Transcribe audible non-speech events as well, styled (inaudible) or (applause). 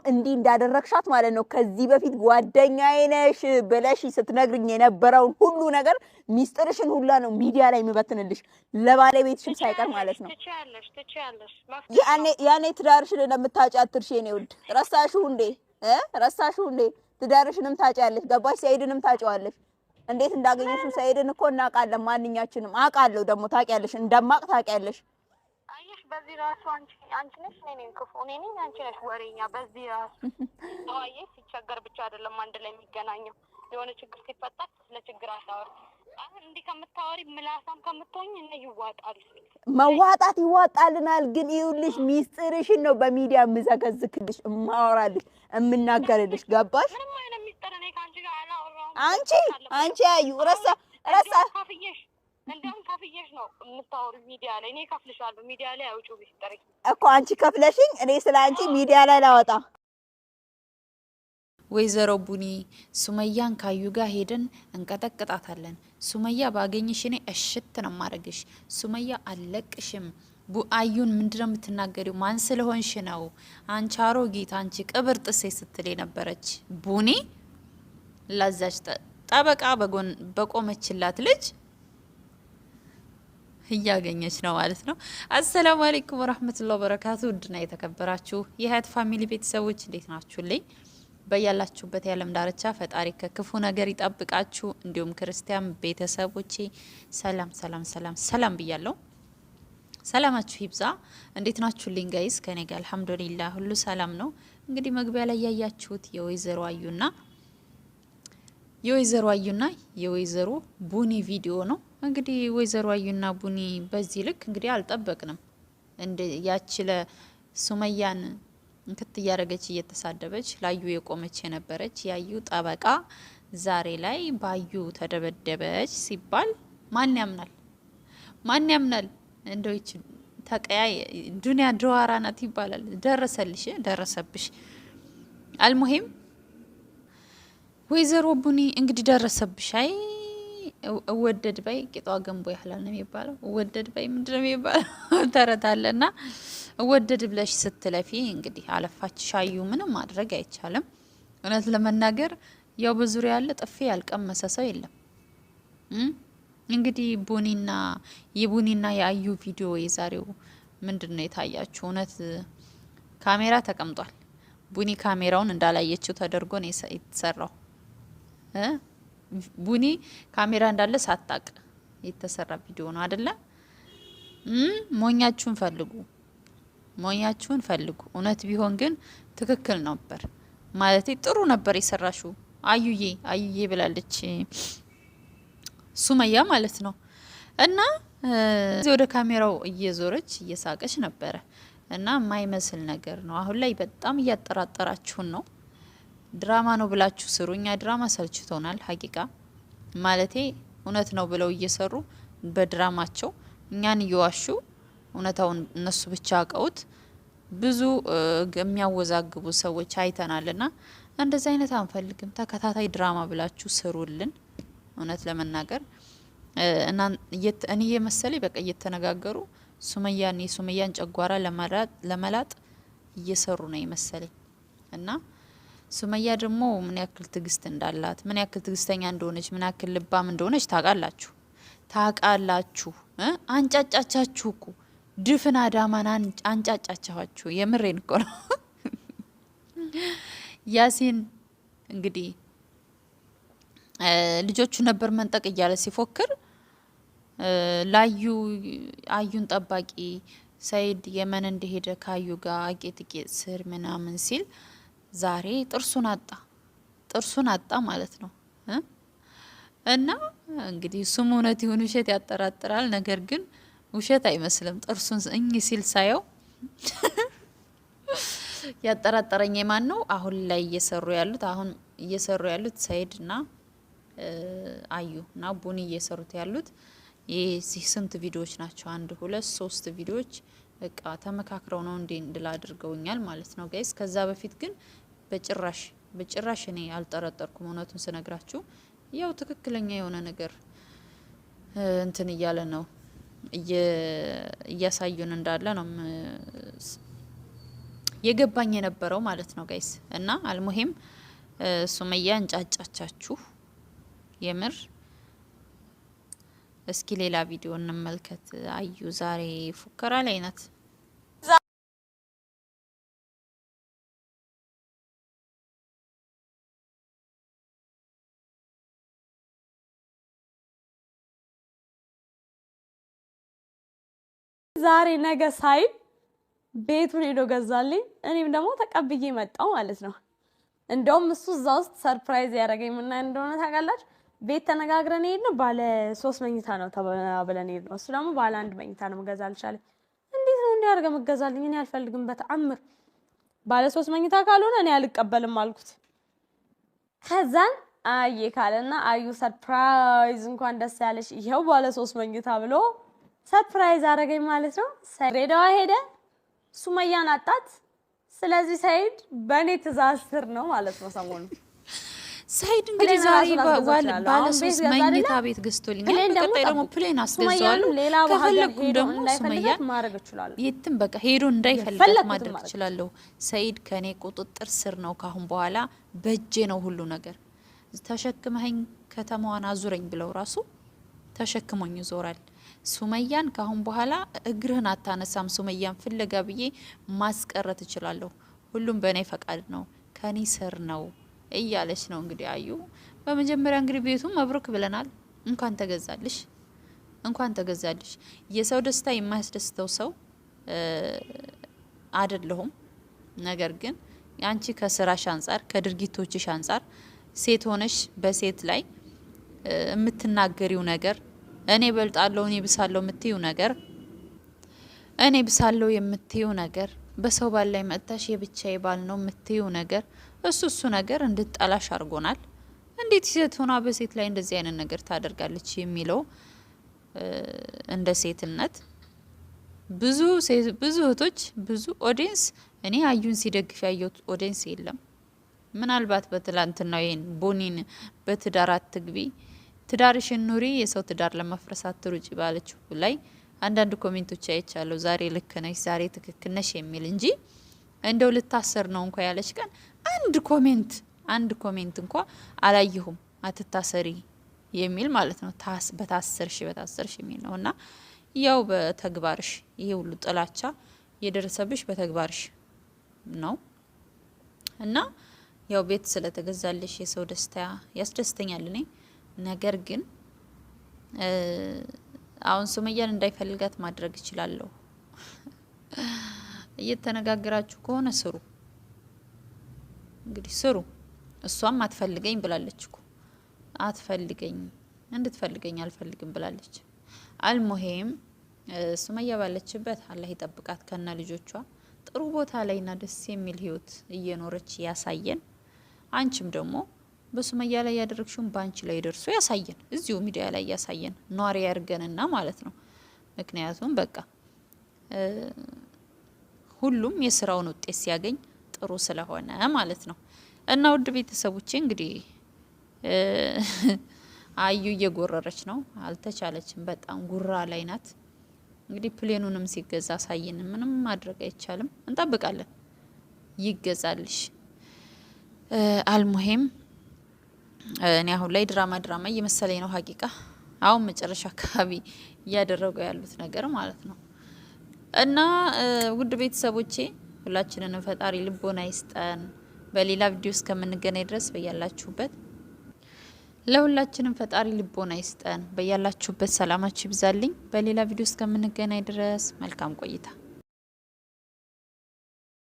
እንደውም እንዲህ እንዳደረግሻት ማለት ነው ከዚህ በፊት ጓደኛዬ ነሽ ብለሽ ስትነግርኝ የነበረውን ሁሉ ነገር ሚስጥርሽን ሁላ ነው ሚዲያ ላይ የሚበትንልሽ ለባለቤትሽም ሳይቀር ማለት ነው። ያኔ ትዳርሽን እንደምታጪ አትርሽ። የኔ ውድ ረሳሽሁ እንዴ? ረሳሽሁ እንዴ? ትዳርሽንም ታጫለሽ ገባሽ? ሰኢድንም ታጫዋለሽ። እንዴት እንዳገኘሽው ሰኢድን እኮ እናውቃለን። ማንኛችንም አውቃለሁ። ደግሞ ታውቂያለሽ፣ እንደማቅ ታውቂያለሽ በዚህ ራሱ አንቺ ነሽ እኔ ነኝ ክፉ እኔ ነኝ አንቺ ነሽ ወሬኛ። በዚህ ራሱ ዋዬ (laughs) ሲቸገር ብቻ አይደለም አንድ ላይ የሚገናኘው የሆነ ችግር ሲፈጠር ስለ ችግር አሁን እንዲህ ከምታወሪ ምላሳም ከምትሆኝ እነ ይዋጣል መዋጣት ይዋጣልናል። ግን ይኸውልሽ ሚስጥርሽን ነው በሚዲያ የምዘገዝክልሽ፣ እማወራልሽ፣ የምናገርልሽ ገባሽ? ምንም አይነት ሚስጥር እኔ ከአንቺ ጋር አላወራሁም። አንቺ አንቺ አዩ ረሳ ረሳ እንደውም ከፍዬሽ ነው የምታወሩ ሚዲያ ላይ። እኔ ከፍልሻለሁ ሚዲያ ላይ አውጪ ብሽ ጠረኝ እኮ አንቺ ከፍለሽኝ፣ እኔ ስለ አንቺ ሚዲያ ላይ ላወጣ። ወይዘሮ ቡኒ ሱመያን ካዩ ጋር ሄደን እንቀጠቅጣታለን። ሱመያ ባገኝሽ እኔ እሽት ነው ማድረግሽ። ሱመያ አለቅሽም። ቡአዩን ምንድነው የምትናገሪው? ማን ስለሆንሽ ነው? አንቺ አሮጊት፣ አንቺ ቅብር ጥሴ ስትል የነበረች ቡኒ ላዛች ጠበቃ በጎን በቆመችላት ልጅ እያገኘች ነው ማለት ነው። አሰላሙ አሌይኩም ወራህመቱላ በረካቱ። ውድና የተከበራችሁ የሀያት ፋሚሊ ቤተሰቦች እንዴት ናችሁልኝ? በያላችሁበት የዓለም ዳርቻ ፈጣሪ ከክፉ ነገር ይጠብቃችሁ። እንዲሁም ክርስቲያን ቤተሰቦቼ ሰላም ሰላም ሰላም ሰላም ብያለሁ። ሰላማችሁ ይብዛ። እንዴት ናችሁልኝ ጋይስ? ከኔ ጋር አልሐምዱሊላ ሁሉ ሰላም ነው። እንግዲህ መግቢያ ላይ ያያችሁት የወይዘሮ አዩና የወይዘሮ አዩና የወይዘሮ ቡኒ ቪዲዮ ነው። እንግዲህ ወይዘሮ አዩና ቡኒ በዚህ ልክ እንግዲህ አልጠበቅንም። እንደ ያችለ ሱመያን እንክት እያደረገች እየተሳደበች ላዩ የቆመች የነበረች ያዩ ጠበቃ ዛሬ ላይ ባዩ ተደበደበች ሲባል ማን ያምናል? ማን ያምናል? እንደዎች ተቀያይ ዱንያ ድዋራ ናት ይባላል። ደረሰልሽ ደረሰብሽ። አልሙሂም ወይዘሮ ቡኒ እንግዲህ ደረሰብሽ አይ እወደድ ባይ ቂጧ ገንቦ ያህላል ነው የሚባለው። እወደድ ባይ ምንድን ነው የሚባለው (laughs) ተረት ና እወደድ ብለሽ ስትለፊ እንግዲህ አለፋች ሻዩ ምንም ማድረግ አይቻልም። እውነት ለመናገር ያው በዙሪያ ያለ ጥፊ ያልቀመሰ ሰው የለም። እንግዲህ ቡኒና የቡኒና የአዩ ቪዲዮ የዛሬው ምንድን ነው የታያችሁ? እውነት ካሜራ ተቀምጧል። ቡኒ ካሜራውን እንዳላየችው ተደርጎ ነው የተሰራው። ቡኒ ካሜራ እንዳለ ሳታቅ የተሰራ ቪዲዮ ነው አደለ? ሞኛችሁን ፈልጉ፣ ሞኛችሁን ፈልጉ። እውነት ቢሆን ግን ትክክል ነበር ማለት ጥሩ ነበር የሰራሹ። አዩዬ አዩዬ ብላለች ሱመያ ማለት ነው። እና እዚህ ወደ ካሜራው እየዞረች እየሳቀች ነበረ እና የማይመስል ነገር ነው። አሁን ላይ በጣም እያጠራጠራችሁን ነው ድራማ ነው ብላችሁ ስሩ። እኛ ድራማ ሰልችቶናል። ሀቂቃ ማለቴ እውነት ነው ብለው እየሰሩ በድራማቸው እኛን እየዋሹ እውነታውን እነሱ ብቻ አውቀውት ብዙ የሚያወዛግቡ ሰዎች አይተናልና እንደዚ አይነት አንፈልግም። ተከታታይ ድራማ ብላችሁ ስሩልን። እውነት ለመናገር እኔ የመሰለኝ በቃ እየተነጋገሩ ሱመያን የሱመያን ጨጓራ ለመላጥ እየሰሩ ነው የመሰለኝ እና ሱመያ ደግሞ ምን ያክል ትግስት እንዳላት ምን ያክል ትግስተኛ እንደሆነች ምን ያክል ልባም እንደሆነች ታውቃላችሁ ታውቃላችሁ። አንጫጫቻችሁ እኮ ድፍን አዳማን አንጫጫቻችሁ። የምሬን እኮ ነው። (laughs) ያሲን እንግዲህ ልጆቹ ነበር መንጠቅ እያለ ሲፎክር ላዩ አዩን ጠባቂ ሰይድ የመን እንደሄደ ካዩ ጋር ጌጥጌጥ ስር ምናምን ሲል ዛሬ ጥርሱን አጣ ጥርሱን አጣ ማለት ነው። እና እንግዲህ እሱም እውነት ይሁን ውሸት ያጠራጥራል። ነገር ግን ውሸት አይመስልም። ጥርሱን እኝ ሲል ሳየው (laughs) ያጠራጠረኝ የማን ነው? አሁን ላይ እየሰሩ ያሉት አሁን እየሰሩ ያሉት ሰይድ እና አዩ እና ቡኒ እየሰሩት ያሉት ይህ ስንት ቪዲዮዎች ናቸው? አንድ ሁለት ሶስት ቪዲዮዎች በቃ ተመካክረው ነው እንዲ እንድላ አድርገውኛል ማለት ነው ጋይስ። ከዛ በፊት ግን በጭራሽ በጭራሽ እኔ አልጠረጠርኩም። እውነቱን ስነግራችሁ ያው ትክክለኛ የሆነ ነገር እንትን እያለ ነው እያሳዩን እንዳለ ነው የገባኝ የነበረው ማለት ነው ጋይስ። እና አልሙሄም ሱመያ እንጫጫቻችሁ የምር እስኪ ሌላ ቪዲዮ እንመልከት። አዩ ዛሬ ፉከራ ላይ ናት። ዛሬ ነገ ሳይል ቤቱን ሄዶ ገዛልኝ። እኔም ደግሞ ተቀብዬ መጣው ማለት ነው። እንደውም እሱ እዛ ውስጥ ሰርፕራይዝ ያደረገኝ ምን እንደሆነ ታውቃላችሁ? ቤት ተነጋግረን ነው ባለ ሶስት መኝታ ነው ተብለን ነው። እሱ ደግሞ ባለ አንድ መኝታ ነው መገዛልሽ አለኝ። እንዴት ነው እንዲህ አድርገህ መገዛልኝ? እኔ አልፈልግም በተአምር ባለ ሶስት መኝታ ካልሆነ እኔ አልቀበልም አልኩት። ከዛን አየ ካለና አዩ ሰርፕራይዝ፣ እንኳን ደስ ያለሽ ይኸው ባለ ሶስት መኝታ ብሎ ሰርፕራይዝ አደረገኝ ማለት ነው። ሬዳዋ ሄደ፣ ሱመያን አጣት። ስለዚህ ሰይድ በእኔ ትእዛዝ ስር ነው ማለት ነው። ሰሞኑ ሰይድ እንግዲህ ዛሬ ባለሶስት ሶስት መኝታ ቤት ገዝቶልኛል። በቀጣይ ደግሞ ፕሌን አስገዛዋለሁ። ከፈለግኩም ደግሞ ሱመያን ማድረግ የትም በቃ ሄዶ እንዳይፈልጋት ማድረግ እችላለሁ። ሰይድ ከእኔ ቁጥጥር ስር ነው። ካሁን በኋላ በእጄ ነው ሁሉ ነገር። ተሸክመኝ ከተማዋን አዙረኝ ብለው ራሱ ተሸክሞኝ ይዞራል። ሱመያን ካሁን በኋላ እግርህን አታነሳም፣ ሱመያን ፍለጋ ብዬ ማስቀረት እችላለሁ። ሁሉም በእኔ ፈቃድ ነው፣ ከኔ ስር ነው እያለች ነው እንግዲህ አዩ። በመጀመሪያ እንግዲህ ቤቱም መብሩክ ብለናል። እንኳን ተገዛልሽ፣ እንኳን ተገዛልሽ። የሰው ደስታ የማያስደስተው ሰው አይደለሁም። ነገር ግን አንቺ ከስራሽ አንጻር ከድርጊቶችሽ አንጻር ሴት ሆነሽ በሴት ላይ የምትናገሪው ነገር እኔ በልጣለሁ፣ እኔ ብሳለሁ የምትዩ ነገር እኔ ብሳለሁ የምትዩ ነገር በሰው ባል ላይ መጥታሽ የብቻዬ ባል ነው የምትዩ ነገር እሱ እሱ ነገር እንድጠላሽ አድርጎናል። እንዴት ሴት ሆና በሴት ላይ እንደዚህ አይነት ነገር ታደርጋለች የሚለው እንደ ሴትነት ብዙ ብዙ እህቶች ብዙ ኦዲንስ እኔ አዩን ሲደግፍ ያየሁት ኦዲንስ የለም። ምናልባት በትላንትና ይሄን ቦኒን በትዳር አትግቢ ትዳርሽን ኑሪ፣ የሰው ትዳር ለማፍረሳት ትሩጭ ባለችው ላይ አንዳንድ ኮሜንቶች አይቻለሁ። ዛሬ ልክ ነሽ፣ ዛሬ ትክክል ነሽ የሚል እንጂ እንደው ልታሰር ነው እንኳ ያለች ቀን አንድ ኮሜንት አንድ ኮሜንት እንኳ አላየሁም። አትታሰሪ የሚል ማለት ነው። በታሰርሽ በታሰርሽ የሚል ነው እና ያው በተግባርሽ ይሄ ሁሉ ጥላቻ የደረሰብሽ በተግባርሽ ነው እና ያው ቤት ስለተገዛልሽ የሰው ደስታ ያስደስተኛል እኔ ነገር ግን አሁን ሱመያን እንዳይፈልጋት ማድረግ እችላለሁ። እየተነጋገራችሁ ከሆነ ስሩ፣ እንግዲህ ስሩ። እሷም አትፈልገኝ ብላለች እኮ አትፈልገኝ፣ እንድትፈልገኝ አልፈልግም ብላለች። አልሙሄም ሱመያ ባለችበት አላህ ይጠብቃት ከነ ልጆቿ ጥሩ ቦታ ላይ ና ደስ የሚል ህይወት እየኖረች ያሳየን። አንቺም ደግሞ በሱመያ ላይ ያደረግሽውን ባንቺ ላይ ደርሶ ያሳየን፣ እዚሁ ሚዲያ ላይ ያሳየን፣ ኗሪ ያርገንና ማለት ነው። ምክንያቱም በቃ ሁሉም የስራውን ውጤት ሲያገኝ ጥሩ ስለሆነ ማለት ነው። እና ውድ ቤተሰቦቼ እንግዲህ አዩ እየጎረረች ነው፣ አልተቻለችም። በጣም ጉራ ላይ ናት። እንግዲህ ፕሌኑንም ሲገዛ አሳይን ምንም ማድረግ አይቻልም። እንጠብቃለን፣ ይገዛልሽ። አልሙሄም እኔ አሁን ላይ ድራማ ድራማ እየመሰለኝ ነው ሀቂቃ አሁን መጨረሻ አካባቢ እያደረጉ ያሉት ነገር ማለት ነው። እና ውድ ቤተሰቦቼ ሁላችንንም ፈጣሪ ልቦና ይስጠን። በሌላ ቪዲዮ እስከምንገናኝ ድረስ በያላችሁበት ለሁላችንም ፈጣሪ ልቦና ይስጠን። በያላችሁበት ሰላማችሁ ይብዛልኝ። በሌላ ቪዲዮ እስከምንገናኝ ድረስ መልካም ቆይታ